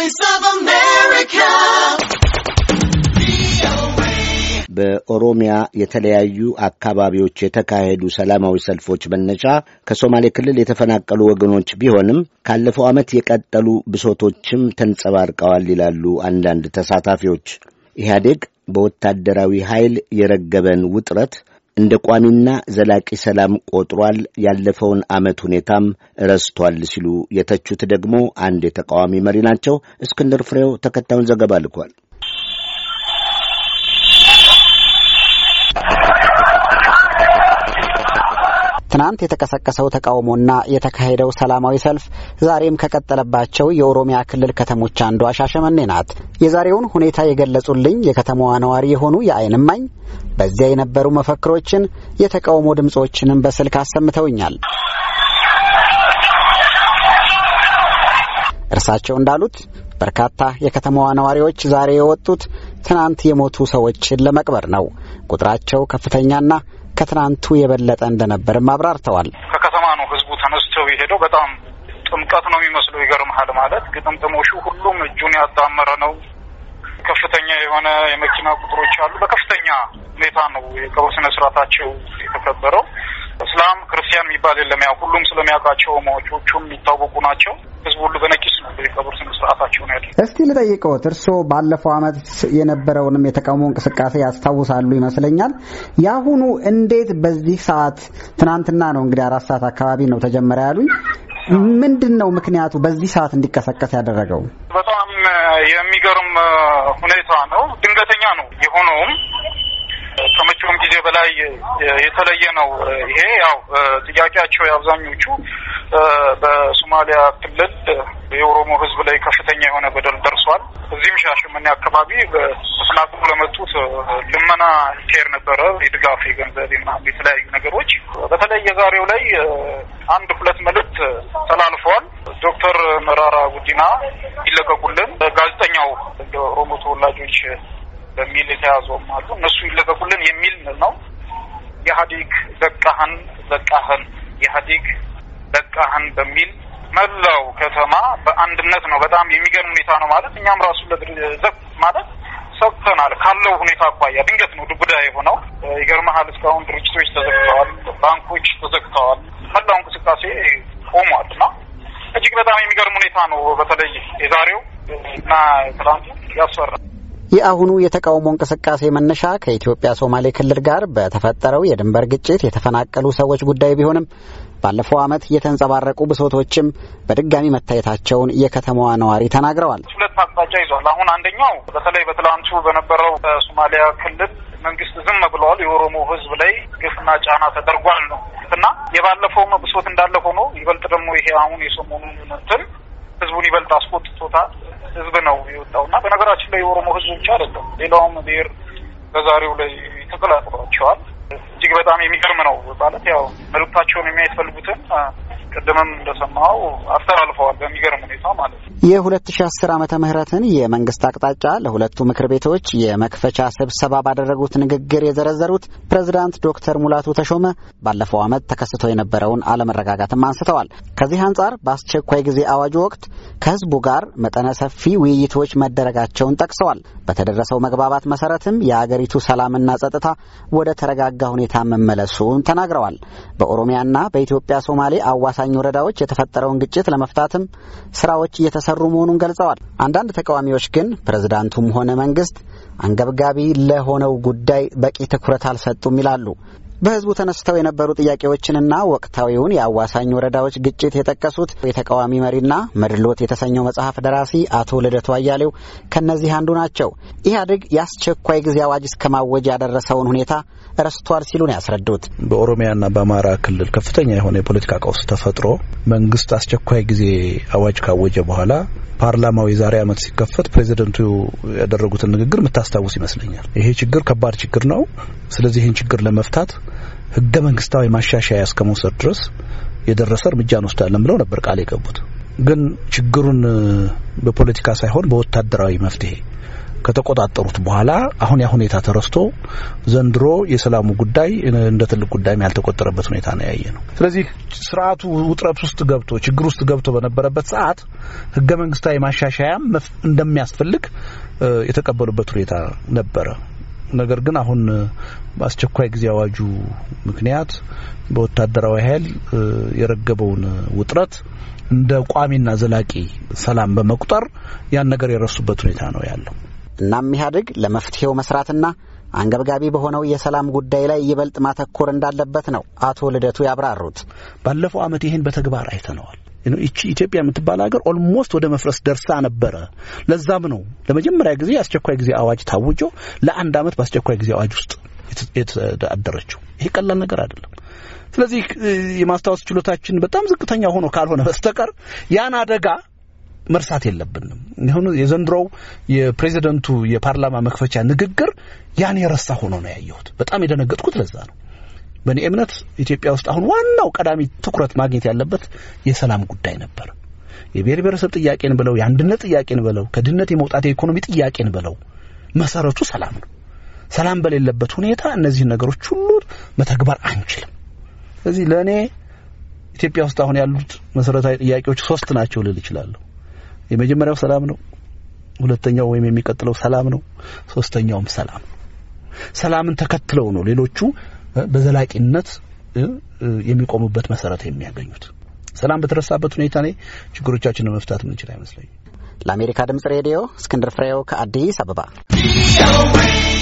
Voice of America. በኦሮሚያ የተለያዩ አካባቢዎች የተካሄዱ ሰላማዊ ሰልፎች መነሻ ከሶማሌ ክልል የተፈናቀሉ ወገኖች ቢሆንም ካለፈው ዓመት የቀጠሉ ብሶቶችም ተንጸባርቀዋል ይላሉ አንዳንድ ተሳታፊዎች። ኢህአዴግ በወታደራዊ ኃይል የረገበን ውጥረት እንደ ቋሚና ዘላቂ ሰላም ቆጥሯል፣ ያለፈውን ዓመት ሁኔታም ረስቷል ሲሉ የተቹት ደግሞ አንድ የተቃዋሚ መሪ ናቸው። እስክንድር ፍሬው ተከታዩን ዘገባ ልኳል። ትናንት የተቀሰቀሰው ተቃውሞና የተካሄደው ሰላማዊ ሰልፍ ዛሬም ከቀጠለባቸው የኦሮሚያ ክልል ከተሞች አንዷ ሻሸመኔ ናት። የዛሬውን ሁኔታ የገለጹልኝ የከተማዋ ነዋሪ የሆኑ የአይን እማኝ በዚያ የነበሩ መፈክሮችን፣ የተቃውሞ ድምፆችንም በስልክ አሰምተውኛል። እርሳቸው እንዳሉት በርካታ የከተማዋ ነዋሪዎች ዛሬ የወጡት ትናንት የሞቱ ሰዎችን ለመቅበር ነው። ቁጥራቸው ከፍተኛና ከትናንቱ የበለጠ እንደነበርም አብራርተዋል። ከከተማ ነው ህዝቡ ተነስቶ የሄደው። በጣም ጥምቀት ነው የሚመስለው። ይገርምሃል ማለት ግጥምጥሞሹ ሁሉም እጁን ያጣመረ ነው። ከፍተኛ የሆነ የመኪና ቁጥሮች አሉ። በከፍተኛ ሁኔታ ነው የቀብር ስነ ስርዓታቸው የተከበረው። እስላም ክርስቲያን የሚባል የለም። ያው ሁሉም ስለሚያውቃቸው ሟቾቹም የሚታወቁ ናቸው። ህዝቡ ሁሉ በነቂስ ነው የቀብር ስነ ስርአታቸው ነው ያለ። እስቲ ልጠይቀውት እርስዎ ባለፈው አመት የነበረውንም የተቃውሞ እንቅስቃሴ ያስታውሳሉ ይመስለኛል። የአሁኑ እንዴት በዚህ ሰዓት ትናንትና ነው እንግዲህ አራት ሰዓት አካባቢ ነው ተጀመረ ያሉኝ ምንድን ነው ምክንያቱ በዚህ ሰዓት እንዲቀሰቀስ ያደረገው? በጣም የሚገርም ሁኔታ ነው። ድንገተኛ ነው የሆነውም በላይ የተለየ ነው። ይሄ ያው ጥያቄያቸው የአብዛኞቹ በሶማሊያ ክልል የኦሮሞ ሕዝብ ላይ ከፍተኛ የሆነ በደል ደርሷል። እዚህም ሻሸመኔ አካባቢ ተፈናቅለው ለመጡት ልመና ኬር ነበረ፣ የድጋፍ የገንዘብ የተለያዩ ነገሮች። በተለይ የዛሬው ላይ አንድ ሁለት መልእክት ተላልፈዋል። ዶክተር መራራ ጉዲና ይለቀቁልን፣ ጋዜጠኛው የኦሮሞ ተወላጆች በሚል የተያዙም አሉ። እነሱ ይለቀቁልን የሚል ነው። ኢህአዴግ በቃህን በቃህን ኢህአዴግ በቃህን በሚል መላው ከተማ በአንድነት ነው። በጣም የሚገርም ሁኔታ ነው ማለት እኛም ራሱ ለዘብ ማለት ሰብተናል ካለው ሁኔታ አኳያ ድንገት ነው ዱጉዳ የሆነው። ይገርመሃል እስካሁን ድርጅቶች ተዘግተዋል፣ ባንኮች ተዘግተዋል፣ መላው እንቅስቃሴ ቆሟል እና እጅግ በጣም የሚገርም ሁኔታ ነው። በተለይ የዛሬው እና ትላንቱ ያስፈራል። የአሁኑ የተቃውሞ እንቅስቃሴ መነሻ ከኢትዮጵያ ሶማሌ ክልል ጋር በተፈጠረው የድንበር ግጭት የተፈናቀሉ ሰዎች ጉዳይ ቢሆንም ባለፈው ዓመት የተንጸባረቁ ብሶቶችም በድጋሚ መታየታቸውን የከተማዋ ነዋሪ ተናግረዋል። ሁለት አቅጣጫ ይዟል። አሁን አንደኛው በተለይ በትላንቱ በነበረው በሶማሊያ ክልል መንግስት ዝም ብለዋል። የኦሮሞ ህዝብ ላይ ግፍና ጫና ተደርጓል ነው እና የባለፈውም ብሶት እንዳለ ሆኖ ይበልጥ ደግሞ ይሄ አሁን የሰሞኑን እንትን ህዝቡን ይበልጥ አስቆጥቶታል። ህዝብ ነው የወጣው እና በነገራችን ላይ የኦሮሞ ህዝብ ብቻ አይደለም፣ ሌላውም ብሔር በዛሬው ላይ ተቀላቅሏቸዋል። እጅግ በጣም የሚገርም ነው። ማለት ያው መልእክታቸውን የሚያስፈልጉትን ቅድምም እንደሰማው አስተላልፈዋል በሚገርም ሁኔታ ማለት ነው። የሁለት ሺ አስር ዓመተ ምህረትን የመንግስት አቅጣጫ ለሁለቱ ምክር ቤቶች የመክፈቻ ስብሰባ ባደረጉት ንግግር የዘረዘሩት ፕሬዝዳንት ዶክተር ሙላቱ ተሾመ ባለፈው ዓመት ተከስቶ የነበረውን አለመረጋጋትም አንስተዋል። ከዚህ አንጻር በአስቸኳይ ጊዜ አዋጁ ወቅት ከህዝቡ ጋር መጠነ ሰፊ ውይይቶች መደረጋቸውን ጠቅሰዋል። በተደረሰው መግባባት መሰረትም የአገሪቱ ሰላምና ጸጥታ ወደ ተረጋጋ ሁኔታ መመለሱን ተናግረዋል። በኦሮሚያና በኢትዮጵያ ሶማሌ አዋሳ አዋሳኝ ወረዳዎች የተፈጠረውን ግጭት ለመፍታትም ስራዎች እየተሰሩ መሆኑን ገልጸዋል። አንዳንድ ተቃዋሚዎች ግን ፕሬዝዳንቱም ሆነ መንግስት አንገብጋቢ ለሆነው ጉዳይ በቂ ትኩረት አልሰጡም ይላሉ። በህዝቡ ተነስተው የነበሩ ጥያቄዎችንና ወቅታዊውን የአዋሳኝ ወረዳዎች ግጭት የጠቀሱት የተቃዋሚ መሪና መድሎት የተሰኘው መጽሐፍ ደራሲ አቶ ልደቱ አያሌው ከእነዚህ አንዱ ናቸው። ኢህአዴግ የአስቸኳይ ጊዜ አዋጅ እስከ ማወጅ ያደረሰውን ሁኔታ ረስቷል ሲሉ ነው ያስረዱት። በኦሮሚያና በአማራ ክልል ከፍተኛ የሆነ የፖለቲካ ቀውስ ተፈጥሮ መንግስት አስቸኳይ ጊዜ አዋጅ ካወጀ በኋላ ፓርላማው የዛሬ ዓመት ሲከፈት ፕሬዚደንቱ ያደረጉትን ንግግር የምታስታውስ ይመስለኛል። ይሄ ችግር ከባድ ችግር ነው። ስለዚህ ይህን ችግር ለመፍታት ህገ መንግስታዊ ማሻሻያ እስከ መውሰድ ድረስ የደረሰ እርምጃ እንወስዳለን ብለው ነበር ቃል የገቡት። ግን ችግሩን በፖለቲካ ሳይሆን በወታደራዊ መፍትሄ ከተቆጣጠሩት በኋላ አሁን ያ ሁኔታ ተረስቶ ዘንድሮ የሰላሙ ጉዳይ እንደ ትልቅ ጉዳይም ያልተቆጠረበት ሁኔታ ነው ያየ ነው። ስለዚህ ስርዓቱ ውጥረት ውስጥ ገብቶ ችግር ውስጥ ገብቶ በነበረበት ሰዓት ህገ መንግስታዊ ማሻሻያም እንደሚያስፈልግ የተቀበሉበት ሁኔታ ነበረ። ነገር ግን አሁን በአስቸኳይ ጊዜ አዋጁ ምክንያት በወታደራዊ ኃይል የረገበውን ውጥረት እንደ ቋሚና ዘላቂ ሰላም በመቁጠር ያን ነገር የረሱበት ሁኔታ ነው ያለው። እናም ኢህአዴግ ለመፍትሄው መስራትና አንገብጋቢ በሆነው የሰላም ጉዳይ ላይ ይበልጥ ማተኮር እንዳለበት ነው አቶ ልደቱ ያብራሩት። ባለፈው ዓመት ይህን በተግባር አይተነዋል። ይቺ ኢትዮጵያ የምትባል ሀገር ኦልሞስት ወደ መፍረስ ደርሳ ነበረ። ለዛም ነው ለመጀመሪያ ጊዜ የአስቸኳይ ጊዜ አዋጅ ታውጆ ለአንድ አመት በአስቸኳይ ጊዜ አዋጅ ውስጥ የተዳደረችው። ይሄ ቀላል ነገር አይደለም። ስለዚህ የማስታወስ ችሎታችን በጣም ዝቅተኛ ሆኖ ካልሆነ በስተቀር ያን አደጋ መርሳት የለብንም። ይሁን የዘንድሮው የፕሬዚደንቱ የፓርላማ መክፈቻ ንግግር ያን የረሳ ሆኖ ነው ያየሁት። በጣም የደነገጥኩት ለዛ ነው። በእኔ እምነት ኢትዮጵያ ውስጥ አሁን ዋናው ቀዳሚ ትኩረት ማግኘት ያለበት የሰላም ጉዳይ ነበር። የብሔር ብሔረሰብ ጥያቄን ብለው የአንድነት ጥያቄን ብለው ከድህነት የመውጣት የኢኮኖሚ ጥያቄን ብለው መሰረቱ ሰላም ነው። ሰላም በሌለበት ሁኔታ እነዚህን ነገሮች ሁሉ መተግበር አንችልም። ስለዚህ ለእኔ ኢትዮጵያ ውስጥ አሁን ያሉት መሰረታዊ ጥያቄዎች ሶስት ናቸው ልል እችላለሁ። የመጀመሪያው ሰላም ነው። ሁለተኛው ወይም የሚቀጥለው ሰላም ነው። ሶስተኛውም ሰላም ነው። ሰላምን ተከትለው ነው ሌሎቹ በዘላቂነት የሚቆሙበት መሰረት የሚያገኙት። ሰላም በተረሳበት ሁኔታ ላይ ችግሮቻችንን መፍታት ምንችል አይመስለኝም። ለአሜሪካ ድምጽ ሬዲዮ እስክንድር ፍሬው ከአዲስ አበባ